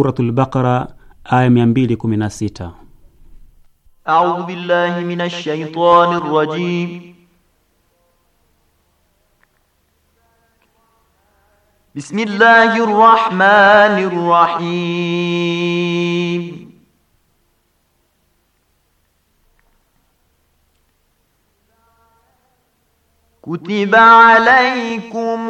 Suratul Baqara aya 216. A'udhu billahi minash shaitanir rajim. Bismillahir rahmanir rahim. Kutiba alaykum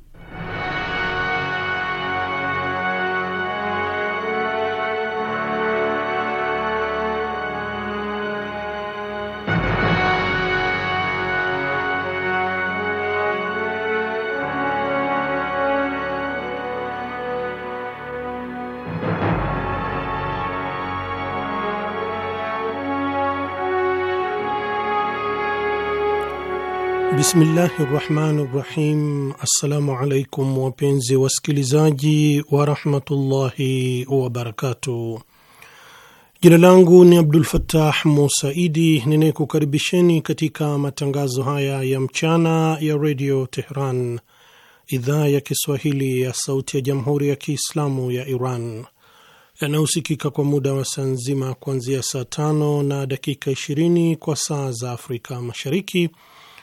Bismillahi rahmani rahim. Assalamu alaikum wapenzi wasikilizaji warahmatullahi wabarakatuh. Jina langu ni Abdul Fattah Musaidi ninayekukaribisheni katika matangazo haya ya mchana ya redio Tehran, idhaa ya Kiswahili ya sauti ya jamhuri ya Kiislamu ya Iran yanayosikika kwa muda wa saa nzima kuanzia saa tano na dakika 20 kwa saa za Afrika Mashariki,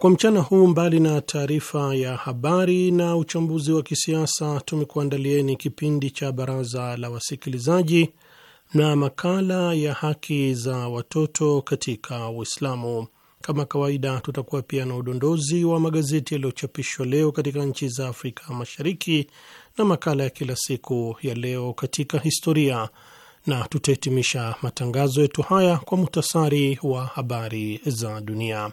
Kwa mchana huu, mbali na taarifa ya habari na uchambuzi wa kisiasa, tumekuandalieni kipindi cha baraza la wasikilizaji na makala ya haki za watoto katika Uislamu. Kama kawaida, tutakuwa pia na udondozi wa magazeti yaliyochapishwa leo katika nchi za Afrika Mashariki na makala ya kila siku ya leo katika historia, na tutahitimisha matangazo yetu haya kwa muhtasari wa habari za dunia.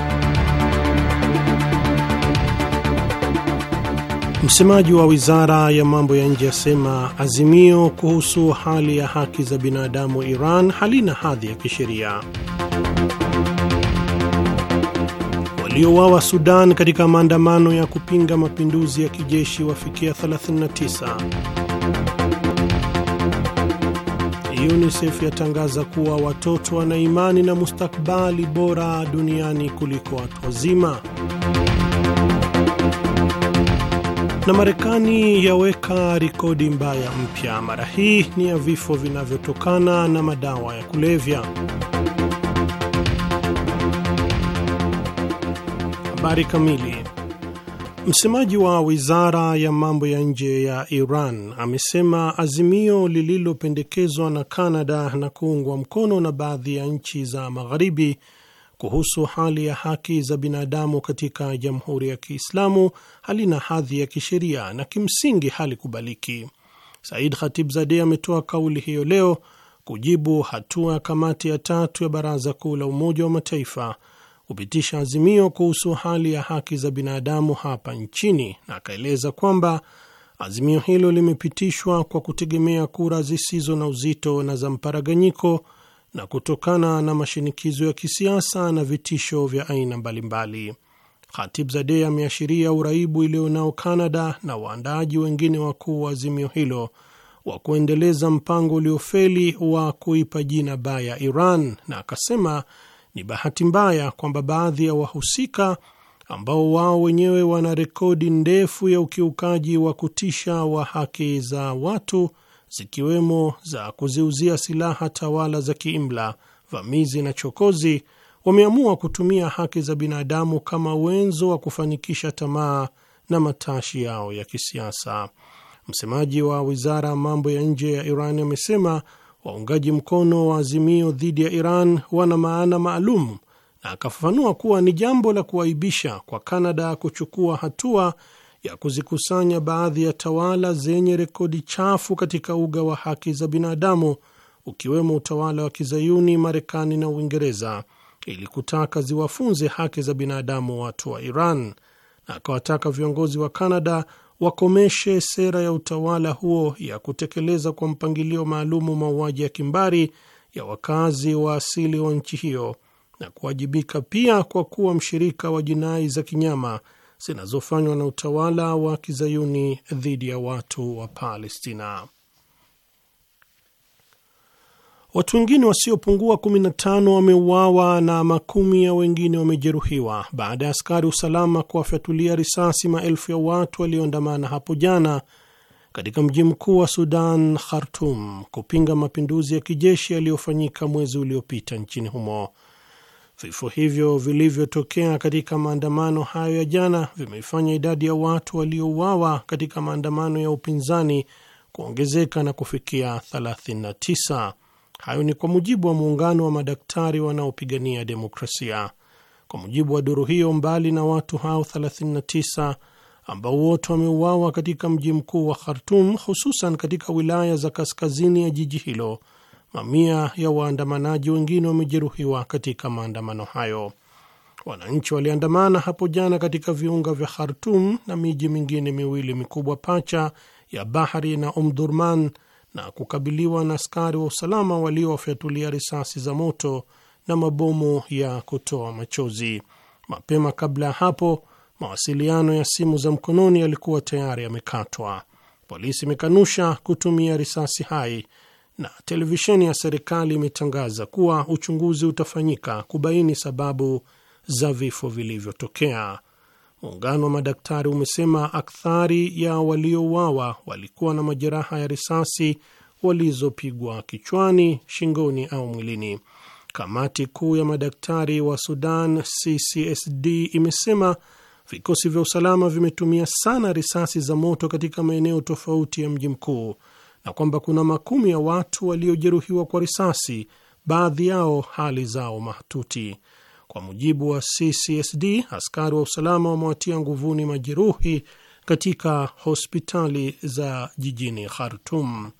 Msemaji wa wizara ya mambo ya nje asema azimio kuhusu hali ya haki za binadamu Iran halina hadhi ya kisheria. Waliouawa Sudan katika maandamano ya kupinga mapinduzi ya kijeshi wafikia 39. UNICEF yatangaza kuwa watoto wana imani na mustakbali bora duniani kuliko watu wazima. Na Marekani yaweka rekodi mbaya mpya, mara hii ni ya vifo vinavyotokana na madawa ya kulevya. Habari kamili. Msemaji wa wizara ya mambo ya nje ya Iran amesema azimio lililopendekezwa na Kanada na kuungwa mkono na baadhi ya nchi za Magharibi kuhusu hali ya haki za binadamu katika Jamhuri ya Kiislamu halina hadhi ya kisheria na kimsingi halikubaliki. Said zade ametoa kauli hiyo leo kujibu hatua ya kamati ya tatu ya Baraza Kuu la Umoja wa Mataifa kupitisha azimio kuhusu hali ya haki za binadamu hapa nchini, na akaeleza kwamba azimio hilo limepitishwa kwa kutegemea kura zisizo na uzito na za mparaganyiko na kutokana na mashinikizo ya kisiasa na vitisho vya aina mbalimbali. Khatibzadeh ameashiria uraibu iliyonao canada na waandaaji wengine wakuu wa azimio hilo wa kuendeleza mpango uliofeli wa kuipa jina baya Iran, na akasema ni bahati mbaya kwamba baadhi ya wahusika ambao wao wenyewe wana rekodi ndefu ya ukiukaji wa kutisha wa haki za watu zikiwemo za kuziuzia silaha tawala za kiimla, vamizi na chokozi, wameamua kutumia haki za binadamu kama wenzo wa kufanikisha tamaa na matashi yao ya kisiasa. Msemaji wa wizara ya mambo ya nje ya Iran amesema waungaji mkono wa azimio dhidi ya Iran wana maana maalum, na akafafanua kuwa ni jambo la kuaibisha kwa Kanada kuchukua hatua ya kuzikusanya baadhi ya tawala zenye rekodi chafu katika uga wa haki za binadamu ukiwemo utawala wa kizayuni Marekani na Uingereza ili kutaka ziwafunze haki za binadamu watu wa Iran, na akawataka viongozi wa Kanada wakomeshe sera ya utawala huo ya kutekeleza kwa mpangilio maalumu mauaji ya kimbari ya wakazi wa asili wa nchi hiyo na kuwajibika pia kwa kuwa mshirika wa jinai za kinyama zinazofanywa na utawala wa kizayuni dhidi ya watu wa Palestina. Watu wengine wasiopungua 15 wameuawa na makumi ya wengine wamejeruhiwa baada ya askari usalama kuwafyatulia risasi maelfu ya watu walioandamana hapo jana katika mji mkuu wa Sudan, Khartum, kupinga mapinduzi ya kijeshi yaliyofanyika mwezi uliopita nchini humo. Vifo hivyo vilivyotokea katika maandamano hayo ya jana vimeifanya idadi ya watu waliouawa katika maandamano ya upinzani kuongezeka na kufikia 39. Hayo ni kwa mujibu wa muungano wa madaktari wanaopigania demokrasia. Kwa mujibu wa duru hiyo, mbali na watu hao 39 ambao wote wameuawa katika mji mkuu wa Khartum, hususan katika wilaya za kaskazini ya jiji hilo Mamia ya waandamanaji wengine wamejeruhiwa katika maandamano hayo. Wananchi waliandamana hapo jana katika viunga vya Khartum na miji mingine miwili mikubwa pacha ya Bahari na Omdurman umm na kukabiliwa na askari wa usalama waliowafyatulia risasi za moto na mabomu ya kutoa machozi. Mapema kabla ya hapo, mawasiliano ya simu za mkononi yalikuwa tayari yamekatwa. Polisi imekanusha kutumia risasi hai na televisheni ya serikali imetangaza kuwa uchunguzi utafanyika kubaini sababu za vifo vilivyotokea. Muungano wa madaktari umesema akthari ya waliouawa walikuwa na majeraha ya risasi walizopigwa kichwani, shingoni au mwilini. Kamati kuu ya madaktari wa Sudan CCSD imesema vikosi vya usalama vimetumia sana risasi za moto katika maeneo tofauti ya mji mkuu na kwamba kuna makumi ya watu waliojeruhiwa kwa risasi, baadhi yao hali zao mahututi. Kwa mujibu wa CCSD, askari wa usalama wamewatia nguvuni majeruhi katika hospitali za jijini Khartum.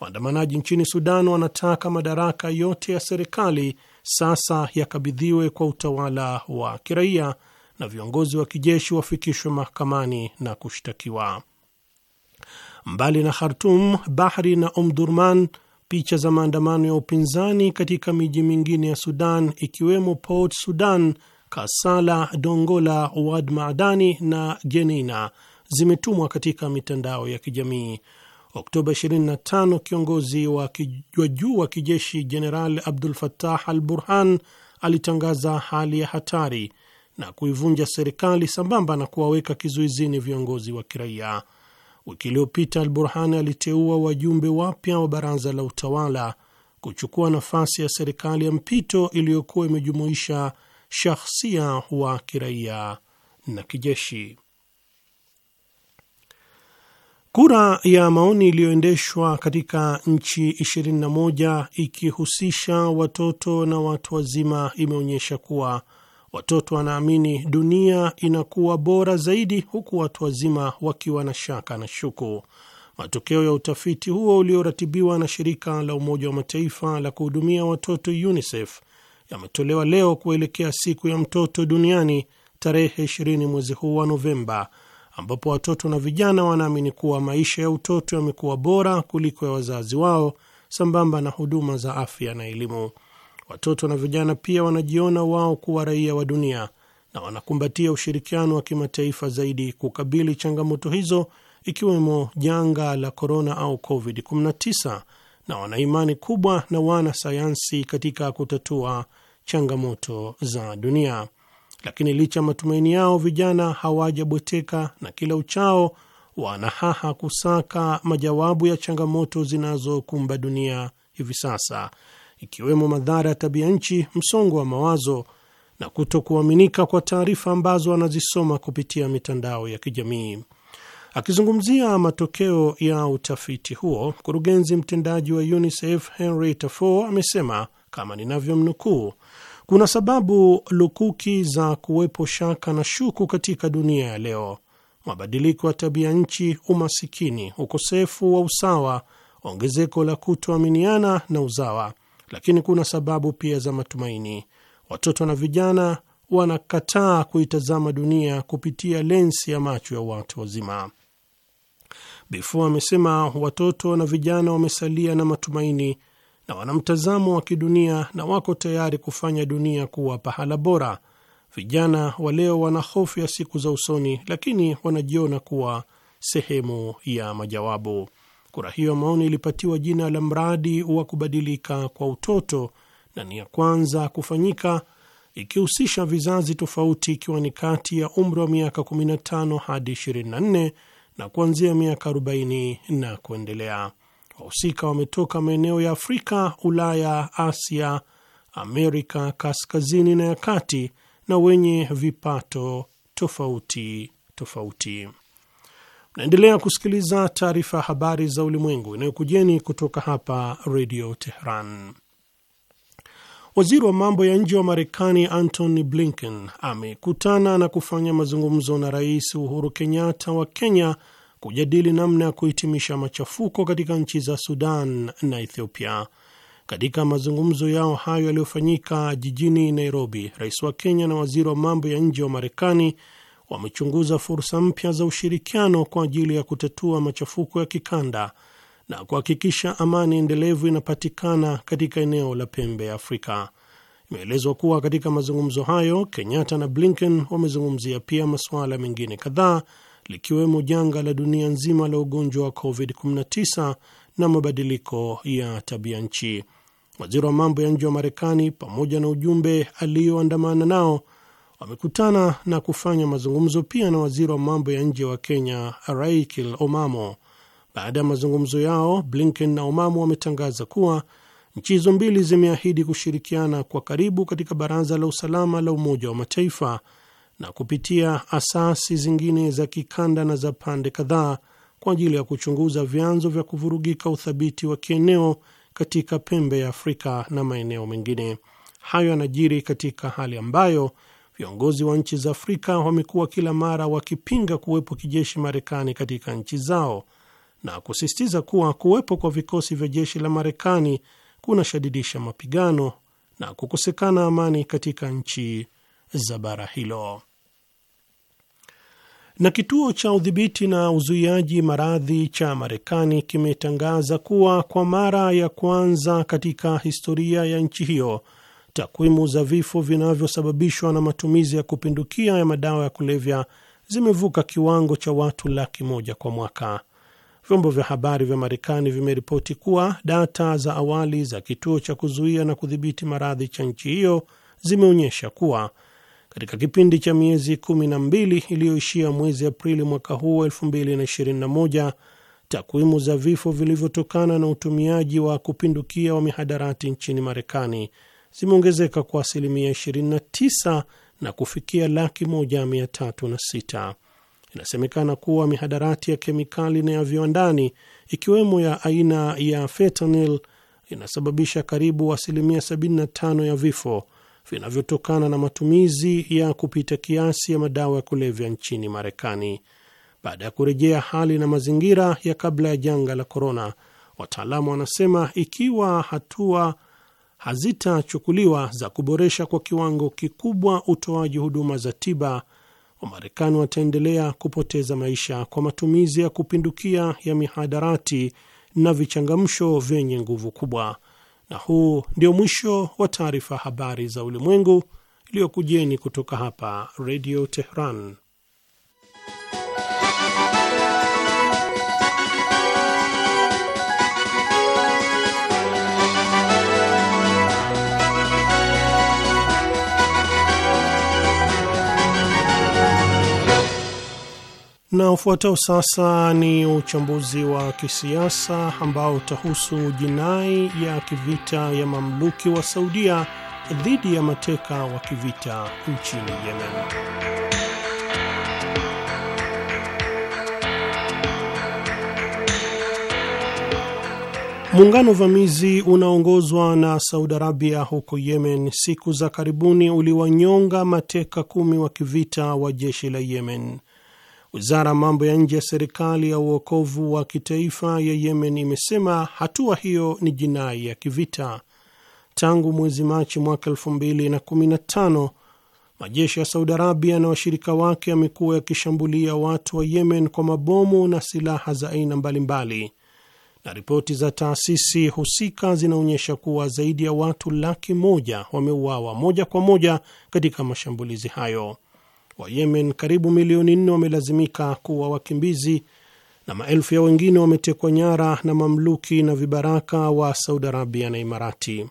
Waandamanaji nchini Sudan wanataka madaraka yote ya serikali sasa yakabidhiwe kwa utawala wa kiraia na viongozi wa kijeshi wafikishwe mahakamani na kushtakiwa. Mbali na Khartum, Bahri na Omdurman, umm picha za maandamano ya upinzani katika miji mingine ya Sudan ikiwemo Port Sudan, Kasala, Dongola, Wad Madani na Jenina zimetumwa katika mitandao ya kijamii. Oktoba 25 kiongozi wa juu wa kijeshi Jeneral Abdul fatah al Burhan alitangaza hali ya hatari na kuivunja serikali sambamba na kuwaweka kizuizini viongozi wa kiraia. Wiki iliyopita Al Burhani aliteua wajumbe wapya wa baraza la utawala kuchukua nafasi ya serikali ya mpito iliyokuwa imejumuisha shahsia wa kiraia na kijeshi. Kura ya maoni iliyoendeshwa katika nchi 21 ikihusisha watoto na watu wazima imeonyesha kuwa Watoto wanaamini dunia inakuwa bora zaidi, huku watu wazima wakiwa na shaka na shuku. Matokeo ya utafiti huo ulioratibiwa na shirika la Umoja wa Mataifa la kuhudumia watoto UNICEF yametolewa leo kuelekea siku ya mtoto duniani tarehe 20 mwezi huu wa Novemba, ambapo watoto na vijana wanaamini kuwa maisha ya utoto yamekuwa bora kuliko ya wazazi wao, sambamba na huduma za afya na elimu watoto na vijana pia wanajiona wao kuwa raia wa dunia na wanakumbatia ushirikiano wa kimataifa zaidi kukabili changamoto hizo ikiwemo janga la korona au COVID-19 na wana imani kubwa na wana sayansi katika kutatua changamoto za dunia. Lakini licha ya matumaini yao, vijana hawajabweteka na kila uchao wanahaha kusaka majawabu ya changamoto zinazokumba dunia hivi sasa ikiwemo madhara ya tabia nchi, msongo wa mawazo na kutokuaminika kwa taarifa ambazo anazisoma kupitia mitandao ya kijamii. Akizungumzia matokeo ya utafiti huo, mkurugenzi mtendaji wa UNICEF Henry Tafo amesema kama ninavyomnukuu, kuna sababu lukuki za kuwepo shaka na shuku katika dunia ya leo: mabadiliko ya tabia nchi, umasikini, ukosefu wa usawa, ongezeko la kutoaminiana na uzawa lakini kuna sababu pia za matumaini. Watoto na vijana wanakataa kuitazama dunia kupitia lensi ya macho ya watu wazima. Bifo amesema watoto na vijana wamesalia na matumaini na wana mtazamo wa kidunia na wako tayari kufanya dunia kuwa pahala bora. Vijana wa leo wana hofu ya siku za usoni, lakini wanajiona kuwa sehemu ya majawabu. Kura hiyo ya maoni ilipatiwa jina la mradi wa kubadilika kwa utoto na ni ya kwanza kufanyika ikihusisha vizazi tofauti, ikiwa ni kati ya umri wa miaka 15 hadi 24 na kuanzia miaka 40 na kuendelea. Wahusika wametoka maeneo ya Afrika, Ulaya, Asia, Amerika kaskazini na ya kati na wenye vipato tofauti tofauti. Naendelea kusikiliza taarifa ya habari za ulimwengu inayokujeni kutoka hapa redio Tehran. Waziri wa mambo ya nje wa Marekani Antony Blinken amekutana na kufanya mazungumzo na Rais Uhuru Kenyatta wa Kenya kujadili namna ya kuhitimisha machafuko katika nchi za Sudan na Ethiopia. Katika mazungumzo yao hayo yaliyofanyika jijini Nairobi, rais wa Kenya na waziri wa mambo ya nje wa Marekani wamechunguza fursa mpya za ushirikiano kwa ajili ya kutatua machafuko ya kikanda na kuhakikisha amani endelevu inapatikana katika eneo la pembe ya Afrika. Imeelezwa kuwa katika mazungumzo hayo Kenyatta na Blinken wamezungumzia pia masuala mengine kadhaa likiwemo janga la dunia nzima la ugonjwa wa COVID-19 na mabadiliko ya tabia nchi. Waziri wa mambo ya nje wa Marekani pamoja na ujumbe aliyoandamana nao wamekutana na kufanya mazungumzo pia na waziri wa mambo ya nje wa Kenya Raikil Omamo. Baada ya mazungumzo yao, Blinken na Omamo wametangaza kuwa nchi hizo mbili zimeahidi kushirikiana kwa karibu katika Baraza la Usalama la Umoja wa Mataifa na kupitia asasi zingine za kikanda na za pande kadhaa kwa ajili ya kuchunguza vyanzo vya kuvurugika uthabiti wa kieneo katika pembe ya Afrika na maeneo mengine. Hayo yanajiri katika hali ambayo Viongozi wa nchi za Afrika wamekuwa kila mara wakipinga kuwepo kijeshi Marekani katika nchi zao na kusisitiza kuwa kuwepo kwa vikosi vya jeshi la Marekani kunashadidisha mapigano na kukosekana amani katika nchi za bara hilo. Na kituo cha udhibiti na uzuiaji maradhi cha Marekani kimetangaza kuwa kwa mara ya kwanza katika historia ya nchi hiyo Takwimu za vifo vinavyosababishwa na matumizi ya kupindukia ya madawa ya kulevya zimevuka kiwango cha watu laki moja kwa mwaka. Vyombo vya habari vya Marekani vimeripoti kuwa data za awali za kituo cha kuzuia na kudhibiti maradhi cha nchi hiyo zimeonyesha kuwa katika kipindi cha miezi kumi na mbili iliyoishia mwezi Aprili mwaka huu 2021 takwimu za vifo vilivyotokana na utumiaji wa kupindukia wa mihadarati nchini Marekani zimeongezeka kwa asilimia 29 na kufikia laki moja mia tatu na sita. Inasemekana kuwa mihadarati ya kemikali na ya viwandani ikiwemo ya aina ya fentanyl inasababisha karibu asilimia 75 ya vifo vinavyotokana na matumizi ya kupita kiasi ya madawa ya kulevya nchini Marekani. Baada ya kurejea hali na mazingira ya kabla ya janga la korona, wataalamu wanasema ikiwa hatua hazitachukuliwa za kuboresha kwa kiwango kikubwa utoaji huduma za tiba, Wamarekani wataendelea kupoteza maisha kwa matumizi ya kupindukia ya mihadarati na vichangamsho vyenye nguvu kubwa. Na huu ndio mwisho wa taarifa habari za ulimwengu iliyokujeni kutoka hapa Radio Tehran. Na ufuatao sasa ni uchambuzi wa kisiasa ambao utahusu jinai ya kivita ya mamluki wa Saudia dhidi ya mateka wa kivita nchini Yemen. Muungano vamizi unaongozwa na Saudi Arabia huko Yemen siku za karibuni uliwanyonga mateka kumi wa kivita wa jeshi la Yemen. Wizara ya mambo ya nje ya serikali ya uokovu wa kitaifa ya Yemen imesema hatua hiyo ni jinai ya kivita. Tangu mwezi Machi mwaka 2015 majeshi ya Saudi Arabia na washirika wake yamekuwa yakishambulia watu wa Yemen kwa mabomu na silaha za aina mbalimbali, na ripoti za taasisi husika zinaonyesha kuwa zaidi ya watu laki moja wameuawa moja kwa moja katika mashambulizi hayo wa Yemen karibu milioni nne wamelazimika kuwa wakimbizi na maelfu ya wengine wametekwa nyara na mamluki na vibaraka wa Saudi Arabia na Imarati.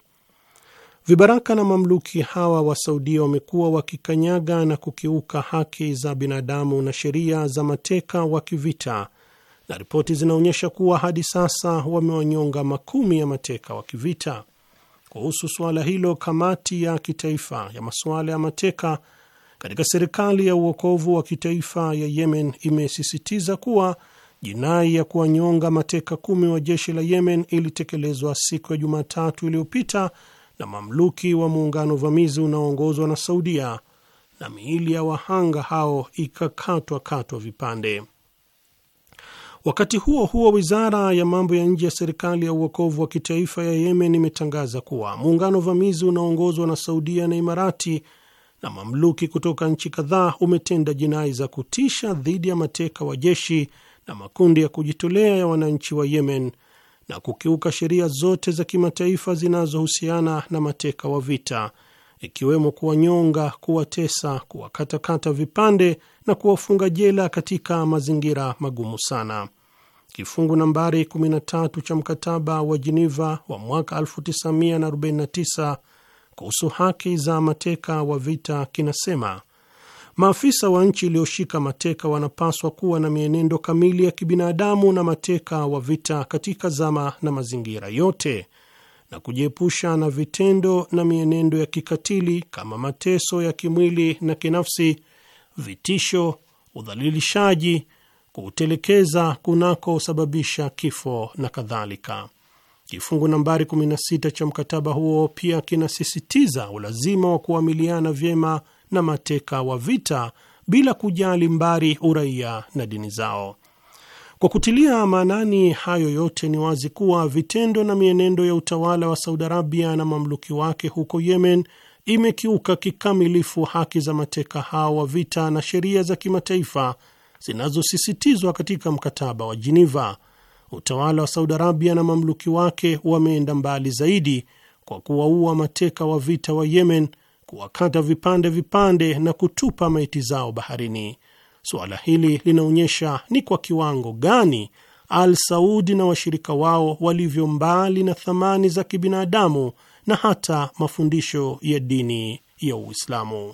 Vibaraka na mamluki hawa wa Saudia wamekuwa wakikanyaga na kukiuka haki za binadamu na sheria za mateka wa kivita, na ripoti zinaonyesha kuwa hadi sasa wamewanyonga makumi ya mateka wa kivita. Kuhusu suala hilo, kamati ya kitaifa ya masuala ya mateka katika serikali ya uokovu wa kitaifa ya Yemen imesisitiza kuwa jinai ya kuwanyonga mateka kumi wa jeshi la Yemen ilitekelezwa siku ya Jumatatu iliyopita na mamluki wa muungano vamizi unaoongozwa na Saudia na miili ya wahanga hao ikakatwa katwa vipande. Wakati huo huo, wizara ya mambo ya nje ya serikali ya uokovu wa kitaifa ya Yemen imetangaza kuwa muungano vamizi unaoongozwa na Saudia na Imarati na mamluki kutoka nchi kadhaa umetenda jinai za kutisha dhidi ya mateka wa jeshi na makundi ya kujitolea ya wananchi wa Yemen na kukiuka sheria zote za kimataifa zinazohusiana na mateka wa vita, ikiwemo kuwanyonga, kuwatesa, kuwakatakata vipande na kuwafunga jela katika mazingira magumu sana. Kifungu nambari 13 cha mkataba wa jiniva wa mwaka 1949 kuhusu haki za mateka wa vita kinasema maafisa wa nchi iliyoshika mateka wanapaswa kuwa na mienendo kamili ya kibinadamu na mateka wa vita katika zama na mazingira yote na kujiepusha na vitendo na mienendo ya kikatili kama mateso ya kimwili na kinafsi, vitisho, udhalilishaji, kutelekeza kunakosababisha kifo na kadhalika. Kifungu nambari 16 cha mkataba huo pia kinasisitiza ulazima wa kuamiliana vyema na mateka wa vita bila kujali mbari, uraia na dini zao. Kwa kutilia maanani hayo yote, ni wazi kuwa vitendo na mienendo ya utawala wa Saudi Arabia na mamluki wake huko Yemen imekiuka kikamilifu haki za mateka hao wa vita na sheria za kimataifa zinazosisitizwa katika mkataba wa Jiniva utawala wa Saudi Arabia na mamluki wake wameenda mbali zaidi kwa kuwaua mateka wa vita wa Yemen, kuwakata vipande vipande na kutupa maiti zao baharini. Suala hili linaonyesha ni kwa kiwango gani Al Saudi na washirika wao walivyo mbali na thamani za kibinadamu na hata mafundisho ya dini ya Uislamu.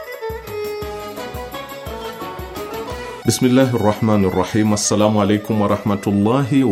Bismillahi rahmani rahim. Assalamu alaikum warahmatullahi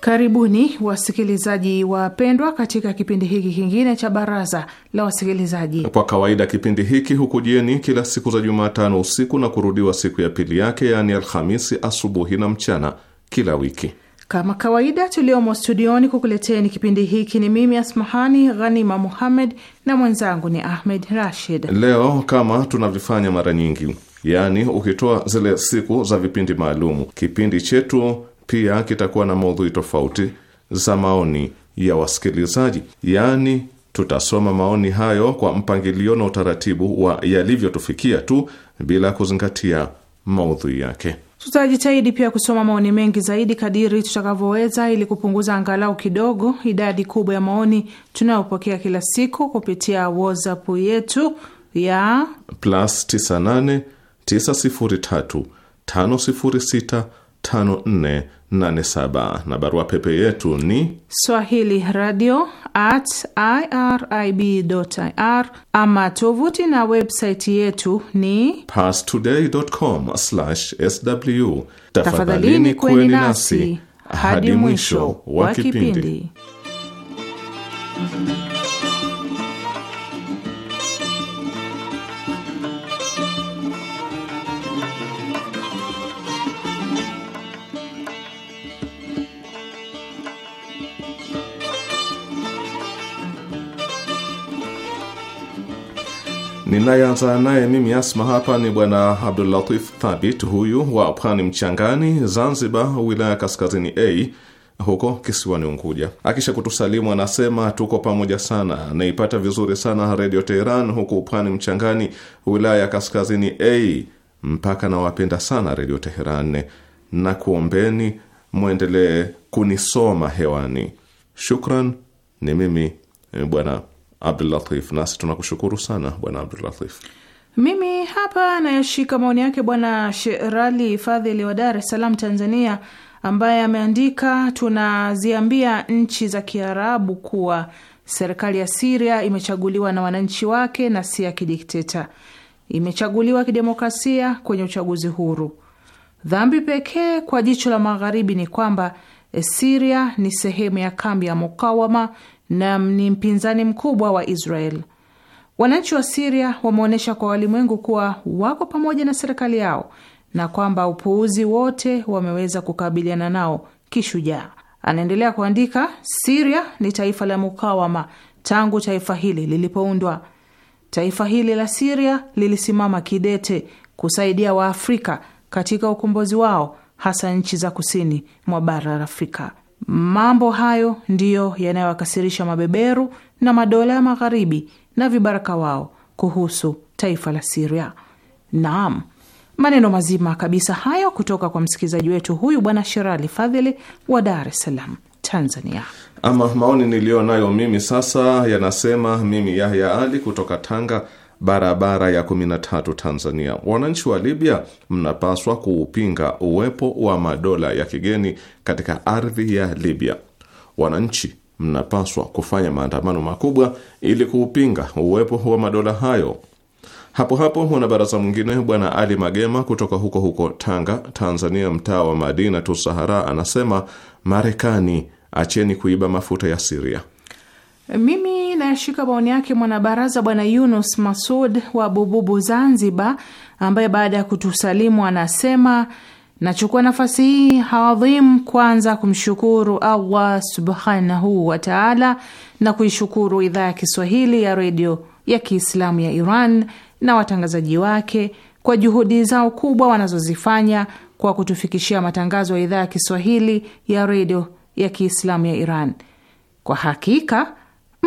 Karibuni wasikilizaji wapendwa, katika kipindi hiki kingine cha baraza la wasikilizaji. Kwa kawaida kipindi hiki hukujieni kila siku za Jumatano usiku na kurudiwa siku ya pili yake, yaani Alhamisi asubuhi na mchana kila wiki. Kama kawaida tuliomo studioni kukuleteni kipindi hiki ni mimi Asmahani Ghanima Muhammed na mwenzangu ni Ahmed Rashid. Leo kama tunavyofanya mara nyingi yaani ukitoa zile siku za vipindi maalumu, kipindi chetu pia kitakuwa na maudhui tofauti za maoni ya wasikilizaji, yaani tutasoma maoni hayo kwa mpangilio na utaratibu wa yalivyotufikia tu bila kuzingatia maudhui yake. Tutajitahidi pia kusoma maoni mengi zaidi kadiri tutakavyoweza ili kupunguza angalau kidogo idadi kubwa ya maoni tunayopokea kila siku kupitia WhatsApp yetu ya plus 98 903 na barua pepe yetu ni swahili radio at irib ir, ama tovuti na websaiti yetu ni pastoday com sw. Tafadhalini kuweni nasi hadi mwisho wa kipindi, kipindi. Ninayeanza naye mimi Asma hapa ni bwana Abdulatif Thabit, huyu wa Pwani Mchangani, Zanzibar, wilaya ya Kaskazini a huko kisiwani Unguja. Akisha kutusalimu anasema tuko pamoja sana, naipata vizuri sana Redio Teheran huku Pwani Mchangani, wilaya ya Kaskazini a mpaka nawapenda sana Redio Teheran na kuombeni mwendelee kunisoma hewani. Shukran, ni mimi bwana Abdulatif. Nasi tunakushukuru sana bwana Abdulatif. Mimi hapa nayashika maoni yake bwana Sherali Fadhili wa Dar es Salaam, Tanzania, ambaye ameandika tunaziambia nchi za Kiarabu kuwa serikali ya Siria imechaguliwa na wananchi wake na si ya kidikteta, imechaguliwa kidemokrasia kwenye uchaguzi huru. Dhambi pekee kwa jicho la magharibi ni kwamba Siria ni sehemu ya kambi ya mukawama na ni mpinzani mkubwa wa Israel. Wananchi wa Siria wameonyesha kwa walimwengu kuwa wako pamoja na serikali yao na kwamba upuuzi wote wameweza kukabiliana nao kishujaa. Anaendelea kuandika, Siria ni taifa la mukawama tangu taifa hili lilipoundwa. Taifa hili la Siria lilisimama kidete kusaidia Waafrika katika ukombozi wao, hasa nchi za kusini mwa bara la Afrika. Mambo hayo ndiyo yanayowakasirisha mabeberu na madola ya magharibi na vibaraka wao kuhusu taifa la Siria. Naam, maneno mazima kabisa hayo kutoka kwa msikilizaji wetu huyu Bwana Sherali Fadhili wa Dar es Salaam, Tanzania. Ama maoni niliyo nayo mimi sasa yanasema, mimi Yahya Ali kutoka Tanga barabara ya 13 Tanzania. Wananchi wa Libya, mnapaswa kuupinga uwepo wa madola ya kigeni katika ardhi ya Libya. Wananchi mnapaswa kufanya maandamano makubwa ili kuupinga uwepo wa madola hayo. Hapo hapo mwanabaraza mwingine Bwana Ali Magema kutoka huko huko Tanga, Tanzania, mtaa wa Madina tu Sahara, anasema Marekani, acheni kuiba mafuta ya Siria. Mimi inayoshika maoni yake mwanabaraza Bwana Yunus Masud wa Bububu, Zanzibar, ambaye baada ya kutusalimu anasema Nachukua nafasi hii haadhimu kwanza kumshukuru Allah subhanahu wataala na kuishukuru idhaa ya Kiswahili ya redio ya Kiislamu ya Iran na watangazaji wake kwa juhudi zao kubwa wanazozifanya kwa kutufikishia matangazo ya idhaa ya Kiswahili ya redio ya Kiislamu ya Iran. Kwa hakika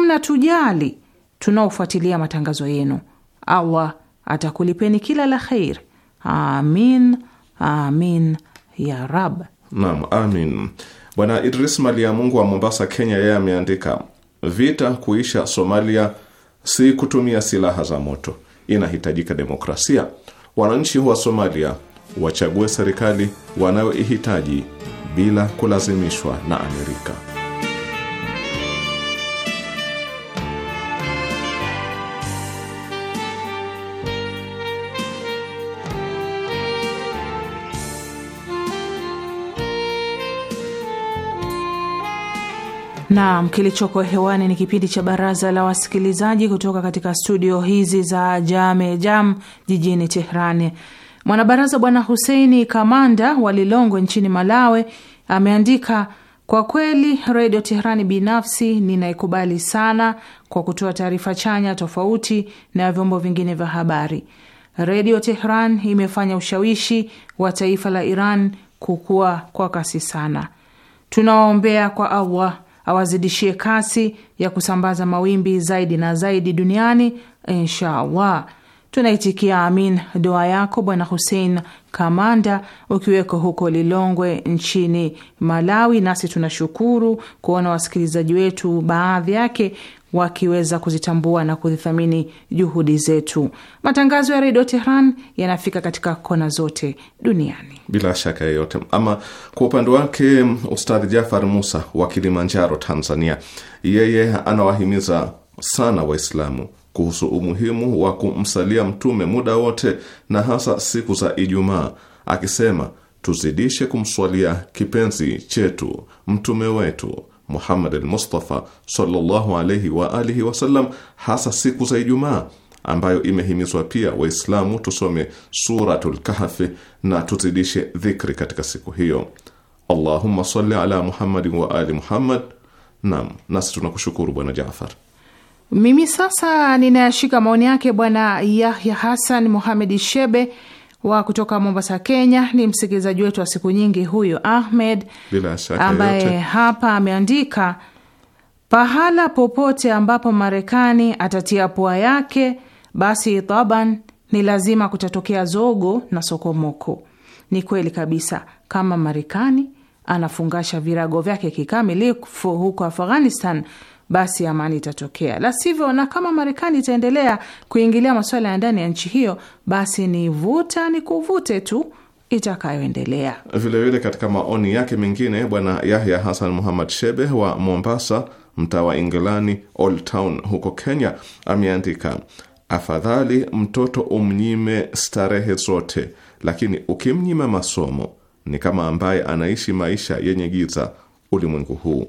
mnatujali tunaofuatilia matangazo yenu. Allah atakulipeni kila la kheir. Amin, amin ya rab. Naam, amin. Bwana Idris Malia Mungu wa Mombasa, Kenya, yeye ameandika vita kuisha Somalia si kutumia silaha za moto, inahitajika demokrasia. Wananchi wa Somalia wachague serikali wanayoihitaji bila kulazimishwa na Amerika. Naam, kilichoko hewani ni kipindi cha baraza la wasikilizaji kutoka katika studio hizi za Jame Jam jijini Tehrani. Mwanabaraza Bwana Huseini Kamanda wa Lilongwe nchini Malawi ameandika kwa kweli redio Teherani binafsi ninaikubali sana kwa kutoa taarifa chanya tofauti na vyombo vingine vya habari. Redio Tehran imefanya ushawishi wa taifa la Iran kukua kwa kasi sana. Tunawaombea kwa Allah awazidishie kasi ya kusambaza mawimbi zaidi na zaidi duniani inshaallah. Tunaitikia amin dua yako Bwana Hussein Kamanda, ukiweko huko Lilongwe nchini Malawi. Nasi tunashukuru kuona wasikilizaji wetu baadhi yake wakiweza kuzitambua na kuzithamini juhudi zetu. Matangazo ya Redio Tehran yanafika katika kona zote duniani bila shaka yoyote. Ama kwa upande wake, Ustadhi Jafar Musa wa Kilimanjaro, Tanzania, yeye anawahimiza sana Waislamu kuhusu umuhimu wa kumsalia Mtume muda wote na hasa siku za Ijumaa, akisema tuzidishe kumswalia kipenzi chetu mtume wetu Muhammad al-Mustafa sallallahu alayhi wa alihi sallam, hasa siku za Ijumaa ambayo imehimizwa pia Waislamu tusome Suratul Kahfi na tuzidishe dhikri katika siku hiyo. Allahumma salli ala Muhammad wa ali Muhammad. Naam, nasi tunakushukuru Bwana Jaafar. Mimi sasa ninayashika maoni yake Bwana Yahya Hassan Muhammad Shebe wa kutoka Mombasa, Kenya, ni msikilizaji wetu wa siku nyingi huyu Ahmed, bila shaka ambaye hapa ameandika pahala popote ambapo Marekani atatia pua yake, basi taban ni lazima kutatokea zogo na sokomoko. Ni kweli kabisa, kama Marekani anafungasha virago vyake kikamilifu huko Afghanistan, basi amani itatokea, la sivyo. Na kama Marekani itaendelea kuingilia masuala ya ndani ya nchi hiyo, basi ni vuta ni kuvute tu itakayoendelea. Vilevile, katika maoni yake mengine, Bwana Yahya Hassan Muhammad Shebe wa Mombasa, mtaa wa Ingilani Old Town huko Kenya, ameandika afadhali mtoto umnyime starehe zote, lakini ukimnyima masomo ni kama ambaye anaishi maisha yenye giza ulimwengu huu.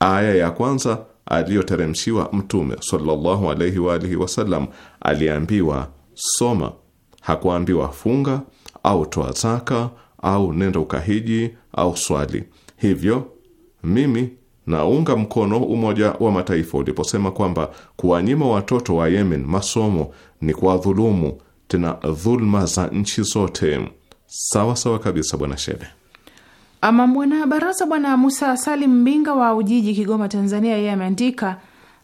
Aya ya kwanza aliyoteremshiwa Mtume sallallahu alaihi wa alihi wasallam, aliambiwa soma, hakuambiwa funga au toa zaka au nenda ukahiji au swali. Hivyo mimi naunga mkono Umoja wa Mataifa uliposema kwamba kuwanyima watoto wa Yemen masomo ni kuwadhulumu, tena dhulma za nchi zote. Sawa sawa kabisa, Bwana Shebe. Ama baraza bwana Musa Salim Mbinga wa Ujiji, Kigoma, Tanzania, yeye ameandika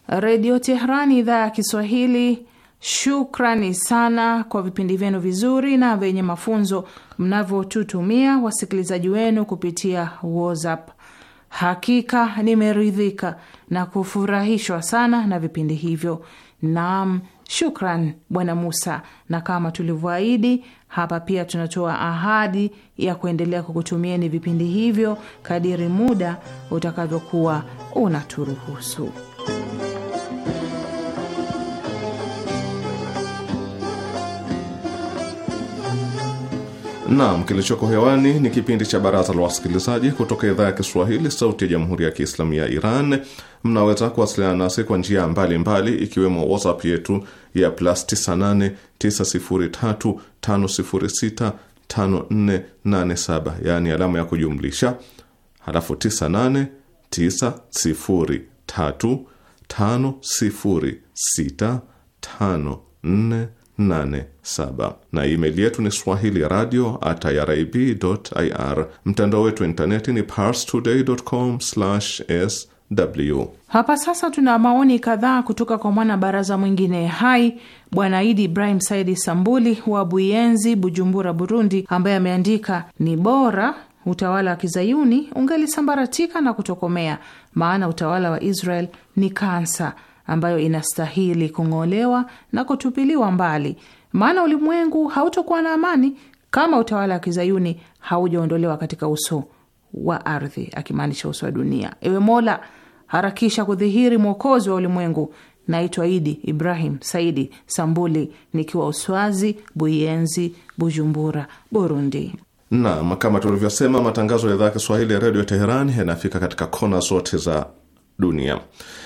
Redio Teherani idhaa ya Kiswahili, shukrani sana kwa vipindi vyenu vizuri na vyenye mafunzo mnavyotutumia wasikilizaji wenu kupitia WhatsApp. Hakika nimeridhika na kufurahishwa sana na vipindi hivyo. Naam, shukran bwana Musa, na kama tulivyoahidi hapa pia tunatoa ahadi ya kuendelea kukutumieni vipindi hivyo kadiri muda utakavyokuwa unaturuhusu. Naam, kilichoko hewani ni kipindi cha Baraza la Wasikilizaji kutoka idhaa ya Kiswahili, Sauti ya Jamhuri ya Kiislamu ya Iran. Mnaweza kuwasiliana nasi kwa njia mbalimbali, ikiwemo WhatsApp yetu ya plus 989035065487 yaani alama ya kujumlisha halafu 9890350654 87 na email yetu ni swahili radio at irib ir. Mtandao wetu wa intaneti ni parstoday.com sw. Hapa sasa tuna maoni kadhaa kutoka kwa mwana baraza mwingine hai Bwana Idi Ibrahim Saidi Sambuli wa Buyenzi, Bujumbura, Burundi, ambaye ameandika ni bora utawala wa kizayuni ungelisambaratika na kutokomea, maana utawala wa Israel ni kansa ambayo inastahili kung'olewa na kutupiliwa mbali, maana ulimwengu hautokuwa na amani kama utawala wa kizayuni haujaondolewa katika uso wa ardhi, akimaanisha uso wa dunia. Ewe Mola, harakisha kudhihiri mwokozi wa ulimwengu. Naitwa Idi Ibrahim Saidi Sambuli, nikiwa Uswazi, Buyenzi, Bujumbura, Burundi. Naam, kama tulivyosema, matangazo ya idhaa ya Kiswahili ya redio Teheran yanafika katika kona zote za dunia.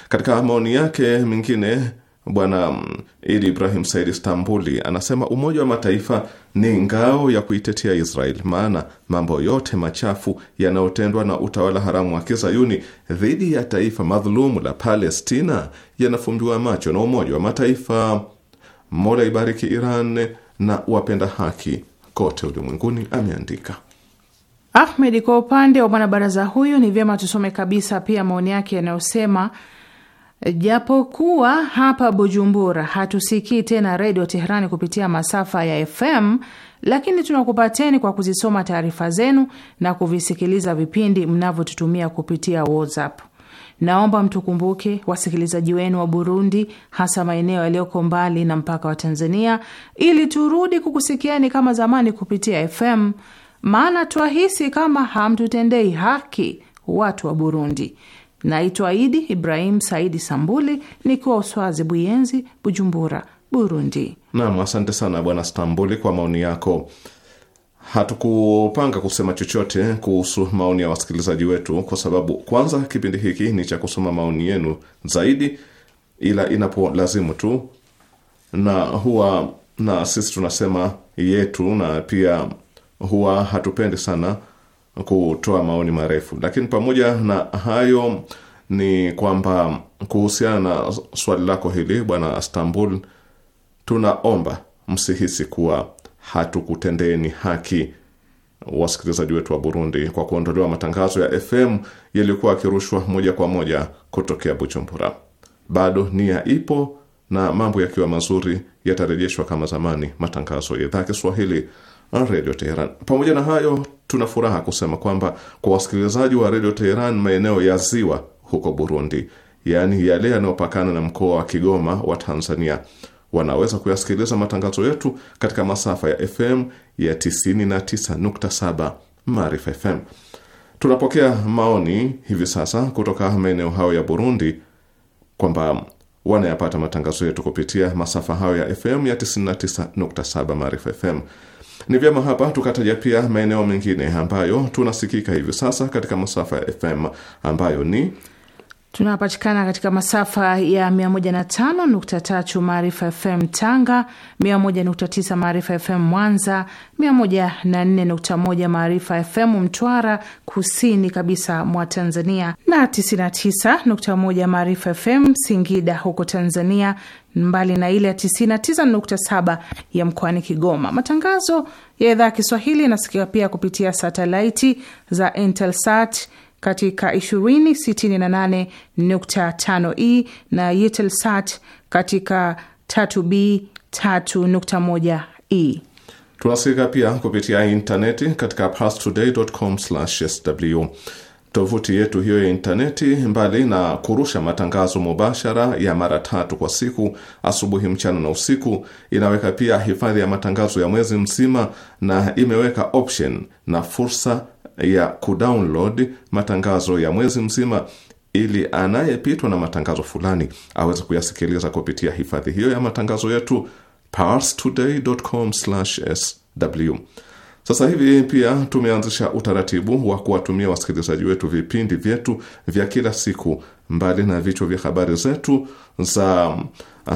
Katika maoni yake mengine, Bwana mm, Idi Ibrahim Said Istambuli anasema Umoja wa Mataifa ni ngao ya kuitetea Israel, maana mambo yote machafu yanayotendwa na utawala haramu wa kizayuni dhidi ya taifa madhulumu la Palestina yanafumbiwa macho na Umoja wa Mataifa. Mola ibariki Iran na wapenda haki kote ulimwenguni, ameandika. Ahmed. Kwa upande wa mwanabaraza huyu, ni vyema tusome kabisa pia maoni yake yanayosema Japokuwa hapa Bujumbura hatusikii tena redio Teherani kupitia masafa ya FM, lakini tunakupateni kwa kuzisoma taarifa zenu na kuvisikiliza vipindi mnavyotutumia kupitia WhatsApp. Naomba mtukumbuke wasikilizaji wenu wa Burundi, hasa maeneo yaliyoko mbali na mpaka wa Tanzania, ili turudi kukusikiani kama zamani kupitia FM maana twahisi kama hamtutendei haki watu wa Burundi. Naitwa Idi Ibrahim Saidi Sambuli, nikiwa Uswazi Buyenzi, Bujumbura, Burundi. Nam, asante sana Bwana Stambuli kwa maoni yako. Hatukupanga kusema chochote kuhusu maoni ya wasikilizaji wetu, kwa sababu kwanza kipindi hiki ni cha kusoma maoni yenu zaidi, ila inapolazimu tu, na huwa na sisi tunasema yetu, na pia huwa hatupendi sana kutoa maoni marefu, lakini pamoja na hayo ni kwamba kuhusiana na swali lako hili Bwana Stambul, tunaomba msihisi kuwa hatukutendeni haki wasikilizaji wetu wa Burundi kwa kuondolewa matangazo ya FM yaliyokuwa yakirushwa moja kwa moja kutokea Bujumbura. Bado nia ipo na mambo yakiwa mazuri yatarejeshwa kama zamani matangazo ya idhaa Kiswahili Redio Teheran. Pamoja na hayo, tuna furaha kusema kwamba kwa wasikilizaji wa Redio Teheran maeneo ya ziwa huko Burundi, yaani yale yanayopakana na mkoa wa Kigoma wa Tanzania, wanaweza kuyasikiliza matangazo yetu katika masafa ya FM ya 99.7 Maarifa FM. Tunapokea maoni hivi sasa kutoka maeneo hayo ya Burundi kwamba wanayapata matangazo yetu kupitia masafa hayo ya FM ya 99.7 Maarifa FM. Ni vyema hapa tukataja pia maeneo mengine ambayo tunasikika hivi sasa katika masafa ya FM ambayo ni Tunapatikana katika masafa ya 105.3 Maarifa FM Tanga, 101.9 Maarifa FM Mwanza, 104.1 Maarifa FM Mtwara, kusini kabisa mwa Tanzania, na 99.1 Maarifa FM Singida huko Tanzania, mbali na ile ya 99.7 ya mkoani Kigoma. Matangazo ya idhaa ya Kiswahili yanasikika pia kupitia satelaiti za Intelsat katika 2068.5e na Eutelsat katika 3b 3.1e. Tunasikika pia kupitia intaneti katika parstoday.com/sw. Tovuti yetu hiyo ya intaneti, mbali na kurusha matangazo mubashara ya mara tatu kwa siku, asubuhi, mchana na usiku, inaweka pia hifadhi ya matangazo ya mwezi mzima na imeweka option na fursa ya kudownload matangazo ya mwezi mzima ili anayepitwa na matangazo fulani aweze kuyasikiliza kupitia hifadhi hiyo ya matangazo yetu parstoday.com/sw. Sasa hivi pia tumeanzisha utaratibu wa kuwatumia wasikilizaji wetu vipindi vyetu vya kila siku, mbali na vichwa vya habari zetu za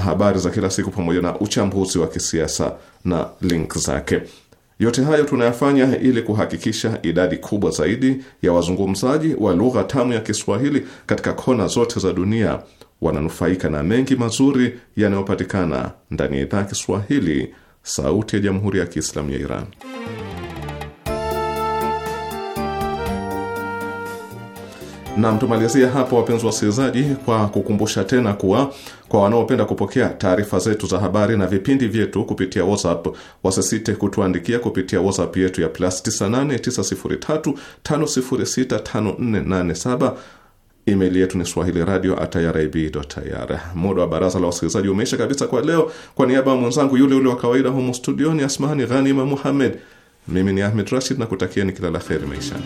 habari za kila siku pamoja na uchambuzi wa kisiasa na link zake. Yote hayo tunayafanya ili kuhakikisha idadi kubwa zaidi ya wazungumzaji wa lugha tamu ya Kiswahili katika kona zote za dunia wananufaika na mengi mazuri yanayopatikana ndani ya idhaa ya Kiswahili, Sauti ya Jamhuri ya Kiislamu ya Iran. Nam, tumalizia hapa wapenzi wasikilizaji, kwa kukumbusha tena kuwa kwa wanaopenda kupokea taarifa zetu za habari na vipindi vyetu kupitia WhatsApp wasisite kutuandikia kupitia WhatsApp yetu ya plus 989035065487. Email yetu ni swahili radio atayaraibidotayara. Muda wa baraza la wasikilizaji umeisha kabisa kwa leo. Kwa niaba ya mwenzangu yule yule wa kawaida humu studioni, Asmahani Ghanima Muhammed, mimi ni Ahmed Rashid na kutakieni kila la kheri maishani.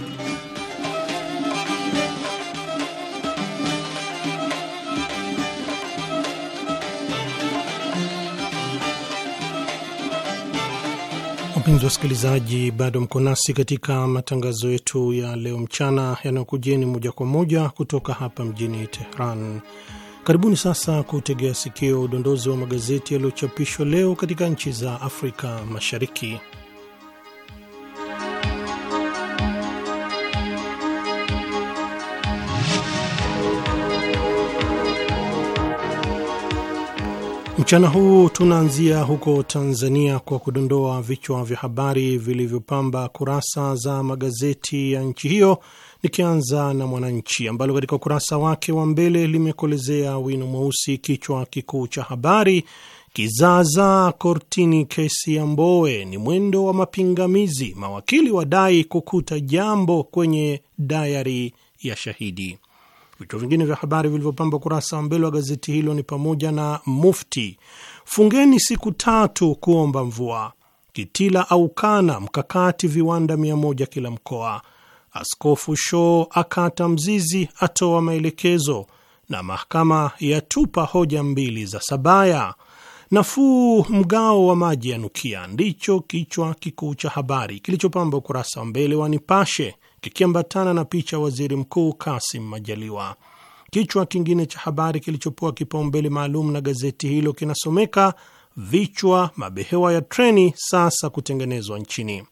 Wapenzi wasikilizaji, bado mko nasi katika matangazo yetu ya leo mchana yanayokujieni moja kwa moja kutoka hapa mjini Tehran. Karibuni sasa kutegea sikio udondozi wa magazeti yaliyochapishwa leo katika nchi za Afrika Mashariki. Mchana huu tunaanzia huko Tanzania kwa kudondoa vichwa vya habari vilivyopamba kurasa za magazeti ya nchi hiyo, nikianza na Mwananchi ambalo katika ukurasa wake wa mbele limekolezea wino mweusi kichwa kikuu cha habari kizaza kortini kesi ya Mbowe, ni mwendo wa mapingamizi, mawakili wadai kukuta jambo kwenye dayari ya shahidi. Vichwa vingine vya habari vilivyopamba ukurasa wa mbele wa gazeti hilo ni pamoja na Mufti, fungeni siku tatu kuomba mvua, Kitila aukana mkakati viwanda mia moja kila mkoa, Askofu Shoo akata mzizi, atoa maelekezo, na mahakama yatupa hoja mbili za Sabaya. Nafuu mgao wa maji ya nukia, ndicho kichwa kikuu cha habari kilichopamba ukurasa wa mbele wa Nipashe kikiambatana na picha waziri mkuu Kasim Majaliwa. Kichwa kingine cha habari kilichopewa kipaumbele maalum na gazeti hilo kinasomeka vichwa mabehewa ya treni sasa kutengenezwa nchini.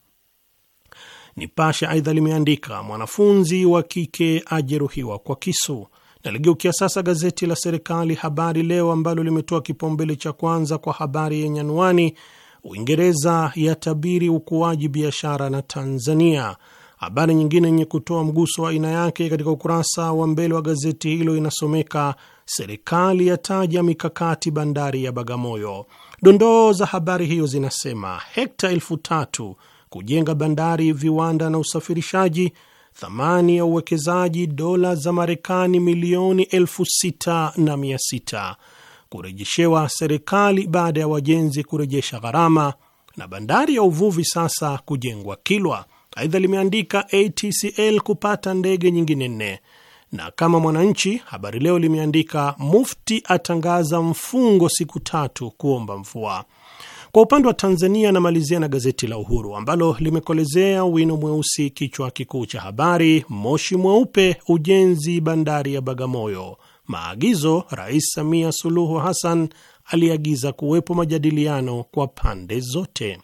Nipashe aidha limeandika mwanafunzi wa kike ajeruhiwa kwa kisu. Naligeukia sasa gazeti la serikali Habari Leo ambalo limetoa kipaumbele cha kwanza kwa habari yenye anwani Uingereza yatabiri ukuaji biashara na Tanzania. Habari nyingine yenye kutoa mguso wa aina yake katika ukurasa wa mbele wa gazeti hilo inasomeka serikali yataja mikakati bandari ya Bagamoyo. Dondoo za habari hiyo zinasema hekta elfu tatu kujenga bandari, viwanda na usafirishaji, thamani ya uwekezaji dola za Marekani milioni elfu sita na mia sita kurejeshewa serikali baada ya wajenzi kurejesha gharama, na bandari ya uvuvi sasa kujengwa Kilwa. Aidha, limeandika ATCL kupata ndege nyingine nne, na kama Mwananchi Habari Leo limeandika Mufti atangaza mfungo siku tatu kuomba mvua. Kwa upande wa Tanzania namalizia na gazeti la Uhuru ambalo limekolezea wino mweusi kichwa kikuu cha habari, moshi mweupe ujenzi bandari ya Bagamoyo, maagizo Rais Samia Suluhu Hassan aliagiza kuwepo majadiliano kwa pande zote.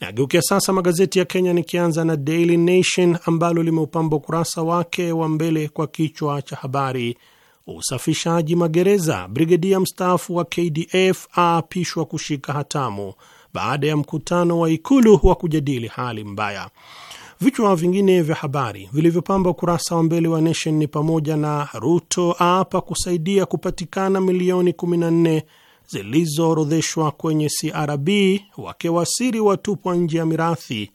Nageukia sasa magazeti ya Kenya, nikianza na Daily Nation ambalo limeupamba ukurasa wake wa mbele kwa kichwa cha habari usafishaji magereza, brigedia mstaafu wa KDF aapishwa kushika hatamu baada ya mkutano wa Ikulu wa kujadili hali mbaya. Vichwa vingine vya habari vilivyopamba ukurasa wa mbele wa Nation ni pamoja na Ruto aapa kusaidia kupatikana milioni 14 zilizoorodheshwa kwenye CRB wakewasiri watupwa nje ya mirathi.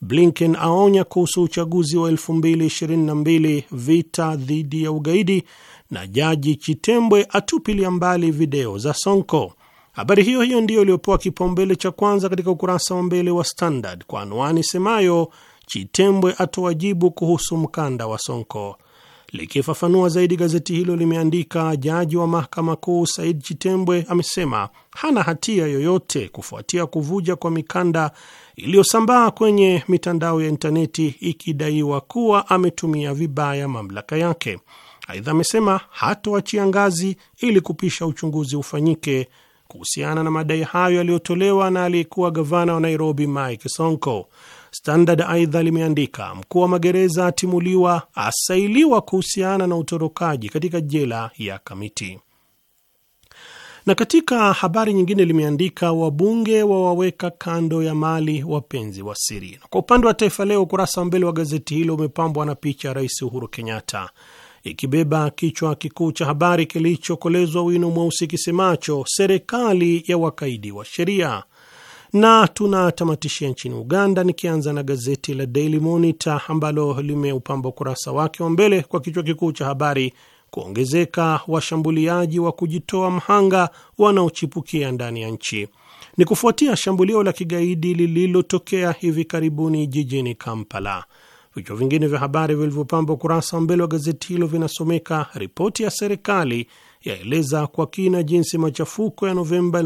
Blinken aonya kuhusu uchaguzi wa 2022, vita dhidi ya ugaidi, na Jaji Chitembwe atupilia mbali video za Sonko. Habari hiyo hiyo ndiyo iliyopewa kipaumbele cha kwanza katika ukurasa wa mbele wa Standard kwa anwani semayo Chitembwe atoa jibu kuhusu mkanda wa Sonko. Likifafanua zaidi, gazeti hilo limeandika, jaji wa mahakama kuu Said Chitembwe amesema hana hatia yoyote kufuatia kuvuja kwa mikanda iliyosambaa kwenye mitandao ya intaneti ikidaiwa kuwa ametumia vibaya mamlaka yake. Aidha, amesema hatoachia ngazi ili kupisha uchunguzi ufanyike kuhusiana na madai hayo yaliyotolewa na aliyekuwa gavana wa Nairobi Mike Sonko. Standard aidha limeandika mkuu wa magereza atimuliwa, asailiwa kuhusiana na utorokaji katika jela ya Kamiti. Na katika habari nyingine limeandika wabunge wawaweka kando ya mali wapenzi wa siri. Kwa upande wa Taifa Leo, ukurasa wa mbele wa gazeti hilo umepambwa na picha ya Rais Uhuru Kenyatta ikibeba kichwa kikuu cha habari kilichokolezwa wino mweusi kisemacho serikali ya wakaidi wa sheria na tunatamatishia nchini Uganda, nikianza na gazeti la Daily Monitor ambalo limeupamba ukurasa wake wa mbele kwa kichwa kikuu cha habari kuongezeka washambuliaji wa kujitoa mhanga wanaochipukia ndani ya nchi ni kufuatia shambulio la kigaidi lililotokea hivi karibuni jijini Kampala. Vichwa vingine vya habari vilivyopamba ukurasa wa mbele wa gazeti hilo vinasomeka: ripoti ya serikali yaeleza kwa kina jinsi machafuko ya Novemba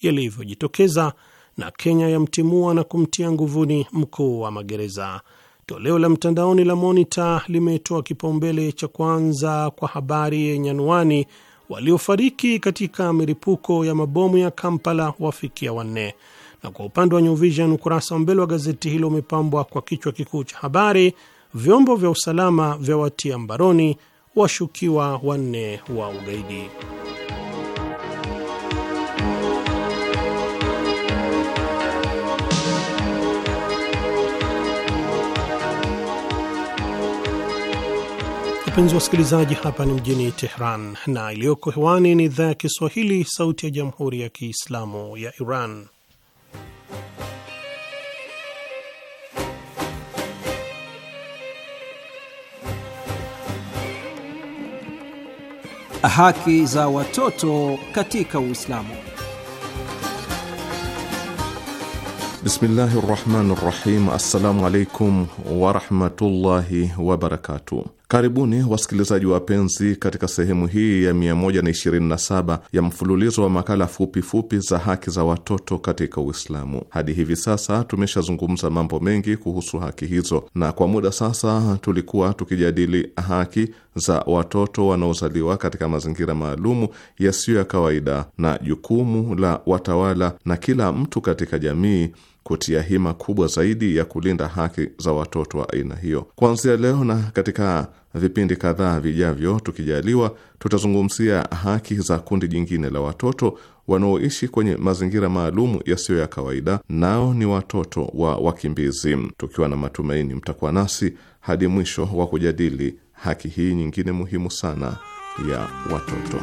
yalivyojitokeza na Kenya yamtimua na kumtia nguvuni mkuu wa magereza. Toleo la mtandaoni la Monita limetoa kipaumbele cha kwanza kwa habari yenye anwani waliofariki katika milipuko ya mabomu ya Kampala wafikia wanne, na kwa upande wa New Vision ukurasa wa mbele wa gazeti hilo umepambwa kwa kichwa kikuu cha habari, vyombo vya usalama vya watia mbaroni washukiwa wanne wa ugaidi. Wapenzi wasikilizaji, hapa ni mjini Tehran na iliyoko hewani ni idhaa ya Kiswahili, Sauti ya Jamhuri ya Kiislamu ya Iran. Haki za watoto katika Uislamu. Bismillahi rahmani rahim. Assalamu alaikum warahmatullahi wabarakatuh. Karibuni wasikilizaji wapenzi, katika sehemu hii ya 127 ya mfululizo wa makala fupi fupi za haki za watoto katika Uislamu. Hadi hivi sasa tumeshazungumza mambo mengi kuhusu haki hizo, na kwa muda sasa tulikuwa tukijadili haki za watoto wanaozaliwa katika mazingira maalumu yasiyo ya kawaida na jukumu la watawala na kila mtu katika jamii kutia hima kubwa zaidi ya kulinda haki za watoto wa aina hiyo. Kuanzia leo na katika vipindi kadhaa vijavyo, tukijaliwa, tutazungumzia haki za kundi jingine la watoto wanaoishi kwenye mazingira maalum yasiyo ya kawaida, nao ni watoto wa wakimbizi, tukiwa na matumaini mtakuwa nasi hadi mwisho wa kujadili haki hii nyingine muhimu sana ya watoto.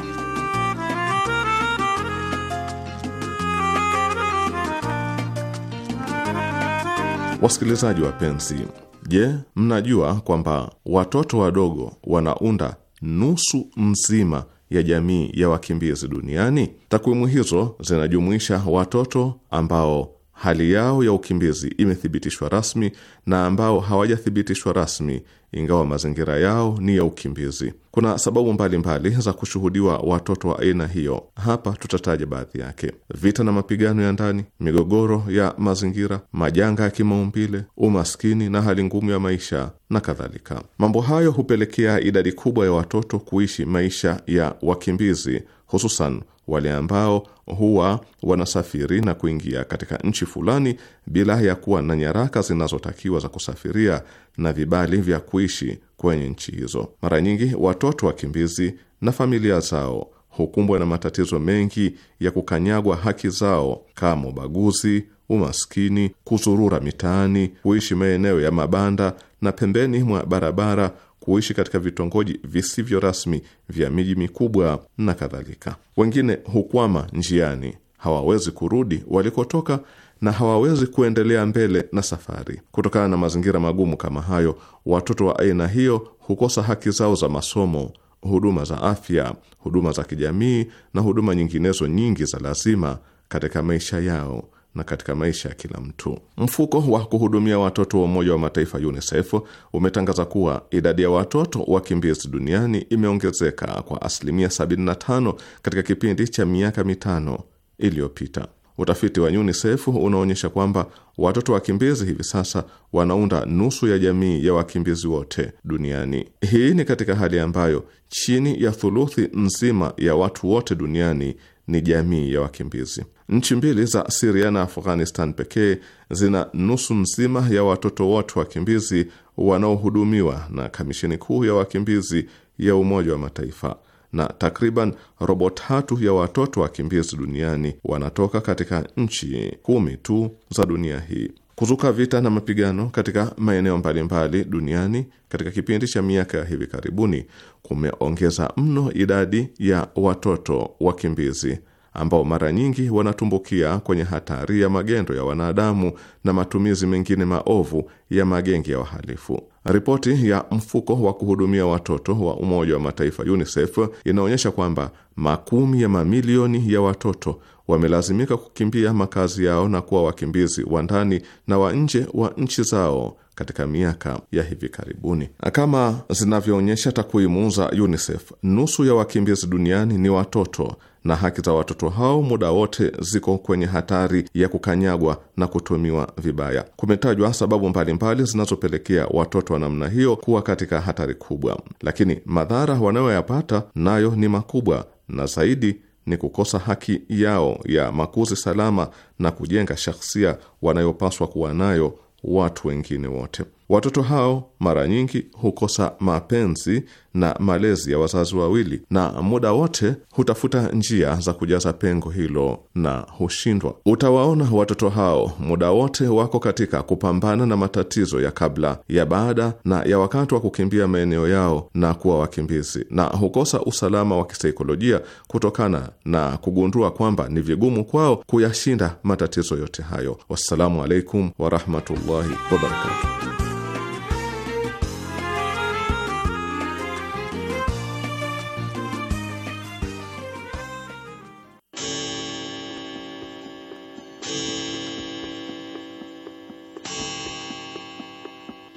Wasikilizaji wapenzi, je, mnajua kwamba watoto wadogo wanaunda nusu mzima ya jamii ya wakimbizi duniani? Takwimu hizo zinajumuisha watoto ambao hali yao ya ukimbizi imethibitishwa rasmi na ambao hawajathibitishwa rasmi ingawa mazingira yao ni ya ukimbizi. Kuna sababu mbalimbali mbali za kushuhudiwa watoto wa aina hiyo. Hapa tutataja baadhi yake: vita na mapigano ya ndani, migogoro ya mazingira, majanga ya kimaumbile, umaskini na hali ngumu ya maisha na kadhalika. Mambo hayo hupelekea idadi kubwa ya watoto kuishi maisha ya wakimbizi, hususan wale ambao huwa wanasafiri na kuingia katika nchi fulani bila ya kuwa na nyaraka zinazotakiwa za kusafiria na vibali vya kuishi kwenye nchi hizo. Mara nyingi watoto wakimbizi na familia zao hukumbwa na matatizo mengi ya kukanyagwa haki zao kama ubaguzi, umaskini, kuzurura mitaani, kuishi maeneo ya mabanda na pembeni mwa barabara, kuishi katika vitongoji visivyo rasmi vya miji mikubwa na kadhalika. Wengine hukwama njiani, hawawezi kurudi walikotoka na hawawezi kuendelea mbele na safari. Kutokana na mazingira magumu kama hayo, watoto wa aina hiyo hukosa haki zao za masomo, huduma za afya, huduma za kijamii na huduma nyinginezo nyingi za lazima katika maisha yao na katika maisha ya kila mtu. Mfuko wa kuhudumia watoto wa Umoja wa Mataifa UNICEF umetangaza kuwa idadi ya watoto wakimbizi duniani imeongezeka kwa asilimia 75 katika kipindi cha miaka mitano iliyopita. Utafiti wa UNICEF unaonyesha kwamba watoto wakimbizi hivi sasa wanaunda nusu ya jamii ya wakimbizi wote duniani. Hii ni katika hali ambayo chini ya thuluthi nzima ya watu wote duniani ni jamii ya wakimbizi. Nchi mbili za Siria na Afghanistan pekee zina nusu nzima ya watoto wote wakimbizi wanaohudumiwa na Kamisheni Kuu ya Wakimbizi ya Umoja wa Mataifa na takriban robo tatu ya watoto wakimbizi duniani wanatoka katika nchi kumi tu za dunia hii. Kuzuka vita na mapigano katika maeneo mbalimbali duniani katika kipindi cha miaka ya hivi karibuni kumeongeza mno idadi ya watoto wakimbizi ambao mara nyingi wanatumbukia kwenye hatari ya magendo ya wanadamu na matumizi mengine maovu ya magenge ya wahalifu. Ripoti ya mfuko wa kuhudumia watoto wa Umoja wa Mataifa UNICEF inaonyesha kwamba makumi ya mamilioni ya watoto wamelazimika kukimbia makazi yao na kuwa wakimbizi wa ndani na wa nje wa nchi zao katika miaka ya hivi karibuni. Kama zinavyoonyesha takwimu za UNICEF, nusu ya wakimbizi duniani ni watoto na haki za watoto hao muda wote ziko kwenye hatari ya kukanyagwa na kutumiwa vibaya. Kumetajwa sababu mbalimbali zinazopelekea watoto wa namna hiyo kuwa katika hatari kubwa, lakini madhara wanayoyapata nayo ni makubwa, na zaidi ni kukosa haki yao ya makuzi salama na kujenga shakhsia wanayopaswa kuwa nayo watu wengine wote. Watoto hao mara nyingi hukosa mapenzi na malezi ya wazazi wawili, na muda wote hutafuta njia za kujaza pengo hilo na hushindwa. Utawaona watoto hao muda wote wako katika kupambana na matatizo ya kabla, ya baada na ya wakati wa kukimbia maeneo yao na kuwa wakimbizi, na hukosa usalama wa kisaikolojia kutokana na kugundua kwamba ni vigumu kwao kuyashinda matatizo yote hayo. Wassalamu alaikum warahmatullahi wabarakatuh.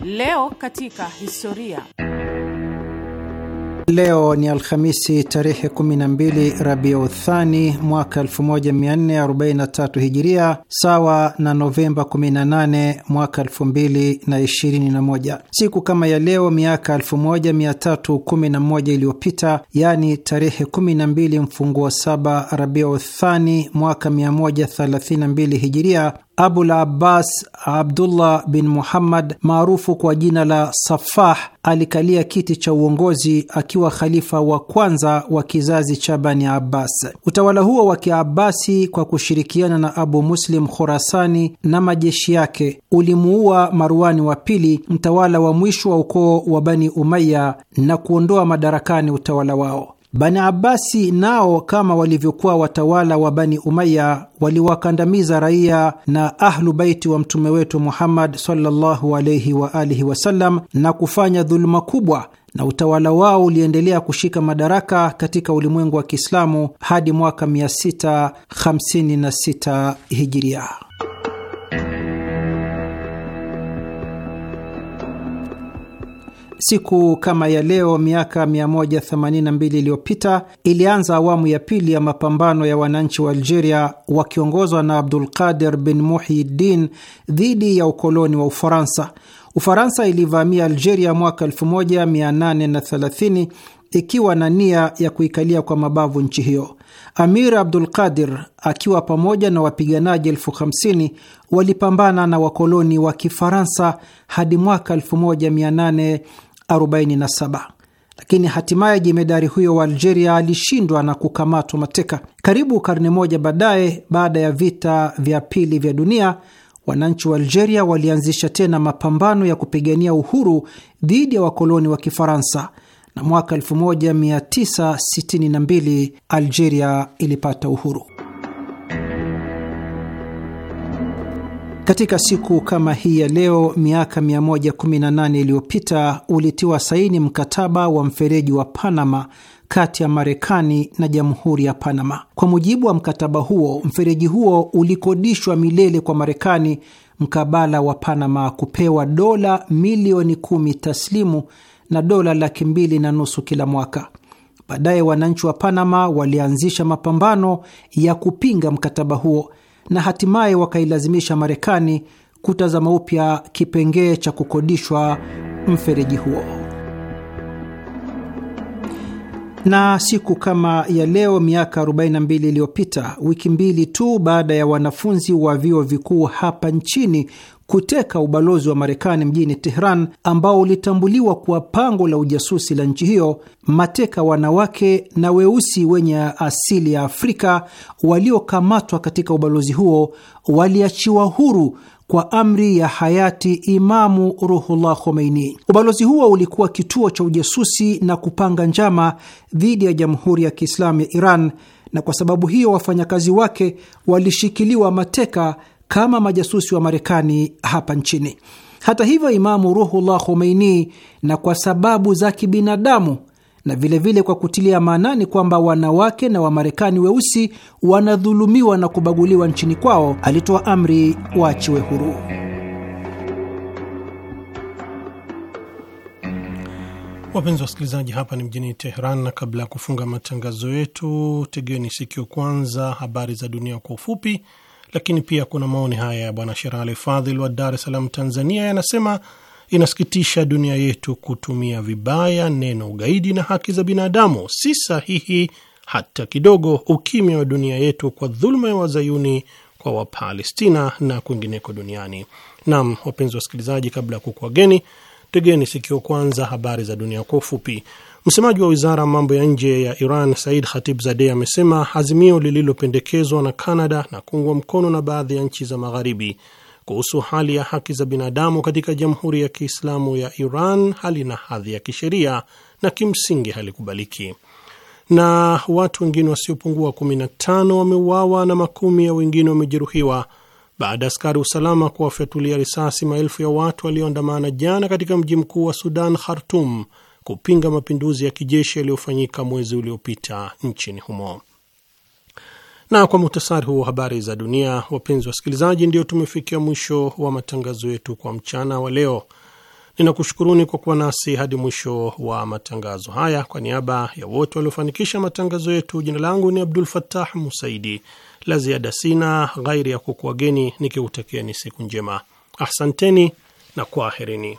Leo katika historia. Leo ni Alhamisi tarehe 12 Rabiuthani mwaka 1443 Hijiria, sawa na Novemba 18 mwaka 2021. Siku kama ya leo miaka 1311 iliyopita, yaani tarehe 12 mfunguo saba Rabiuthani mwaka 132 Hijiria, Abul Abbas Abdullah bin Muhammad maarufu kwa jina la Safah alikalia kiti cha uongozi akiwa khalifa wa kwanza wa kizazi cha Bani Abbas. Utawala huo wa Kiabasi kwa kushirikiana na Abu Muslim Khorasani na majeshi yake ulimuua Marwani wa pili, mtawala wa mwisho wa ukoo wa Bani Umaya, na kuondoa madarakani utawala wao. Bani Abasi nao kama walivyokuwa watawala wa Bani Umaya waliwakandamiza raia na Ahlu Baiti wa mtume wetu Muhammad sallallahu alaihi wa alihi wasallam na kufanya dhuluma kubwa, na utawala wao uliendelea kushika madaraka katika ulimwengu wa Kiislamu hadi mwaka 656 Hijiria. Siku kama ya leo miaka 182 iliyopita ilianza awamu ya pili ya mapambano ya wananchi wa Algeria wakiongozwa na Abdul Qadir bin Muhyiddin dhidi ya ukoloni wa Ufaransa. Ufaransa ilivamia Algeria mwaka 1830 ikiwa na nia ya kuikalia kwa mabavu nchi hiyo. Amir Abdul Qadir akiwa pamoja na wapiganaji elfu hamsini walipambana na wakoloni wa Kifaransa hadi mwaka 18 47 lakini hatimaye jemedari huyo wa Algeria alishindwa na kukamatwa mateka. Karibu karne moja baadaye, baada ya vita vya pili vya dunia, wananchi wa Algeria walianzisha tena mapambano ya kupigania uhuru dhidi ya wakoloni wa Kifaransa, na mwaka 1962 Algeria ilipata uhuru. Katika siku kama hii ya leo miaka 118 iliyopita ulitiwa saini mkataba wa mfereji wa Panama kati ya Marekani na jamhuri ya Panama. Kwa mujibu wa mkataba huo, mfereji huo ulikodishwa milele kwa Marekani mkabala wa Panama kupewa dola milioni kumi taslimu na dola laki mbili na nusu kila mwaka. Baadaye wananchi wa Panama walianzisha mapambano ya kupinga mkataba huo na hatimaye wakailazimisha Marekani kutazama upya kipengee cha kukodishwa mfereji huo. Na siku kama ya leo miaka 42 iliyopita, wiki mbili tu baada ya wanafunzi wa vyuo vikuu hapa nchini kuteka ubalozi wa Marekani mjini Tehran ambao ulitambuliwa kuwa pango la ujasusi la nchi hiyo, mateka wanawake na weusi wenye asili ya Afrika waliokamatwa katika ubalozi huo waliachiwa huru kwa amri ya hayati Imamu Ruhullah Khomeini. Ubalozi huo ulikuwa kituo cha ujasusi na kupanga njama dhidi ya Jamhuri ya Kiislamu ya Iran, na kwa sababu hiyo wafanyakazi wake walishikiliwa mateka kama majasusi wa Marekani hapa nchini. Hata hivyo, Imamu Ruhullah Khomeini, na kwa sababu za kibinadamu na vilevile vile kwa kutilia maanani kwamba wanawake na Wamarekani weusi wanadhulumiwa na kubaguliwa nchini kwao, alitoa amri waachiwe huru. Wapenzi wasikilizaji, hapa ni mjini Teheran, na kabla ya kufunga matangazo yetu, tegeni sikio kwanza habari za dunia kwa ufupi lakini pia kuna maoni haya ya bwana Sherali Fadhil wa Dar es Salaam, Tanzania, yanasema inasikitisha dunia yetu kutumia vibaya neno ugaidi na haki za binadamu. Si sahihi hata kidogo, ukimya wa dunia yetu kwa dhuluma ya wazayuni kwa Wapalestina na kwingineko duniani. Nam, wapenzi wasikilizaji, kabla ya kukuageni tegeni sikio kwanza habari za dunia kwa ufupi. Msemaji wa wizara ya mambo ya nje ya Iran Said khatib Zadeh amesema azimio lililopendekezwa na Kanada na kuungwa mkono na baadhi ya nchi za Magharibi kuhusu hali ya haki za binadamu katika Jamhuri ya Kiislamu ya Iran halina hadhi ya kisheria na kimsingi halikubaliki. Na watu wengine wasiopungua 15 wameuawa na makumi ya wengine wamejeruhiwa baada ya askari usalama kuwafyatulia risasi maelfu ya watu walioandamana jana katika mji mkuu wa Sudan, Khartum kupinga mapinduzi ya kijeshi yaliyofanyika mwezi uliopita nchini humo. Na kwa muhtasari huu habari za dunia, wapenzi wasikilizaji, ndio tumefikia mwisho wa matangazo yetu kwa mchana wa leo. Ninakushukuruni kwa kuwa nasi hadi mwisho wa matangazo haya. Kwa niaba ya wote waliofanikisha matangazo yetu, jina langu ni Abdul fatah Musaidi. La ziada sina ghairi ya kukuageni nikiutakieni siku njema. Ahsanteni na kwaherini.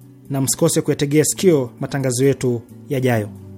na msikose kuyategea sikio matangazo yetu yajayo.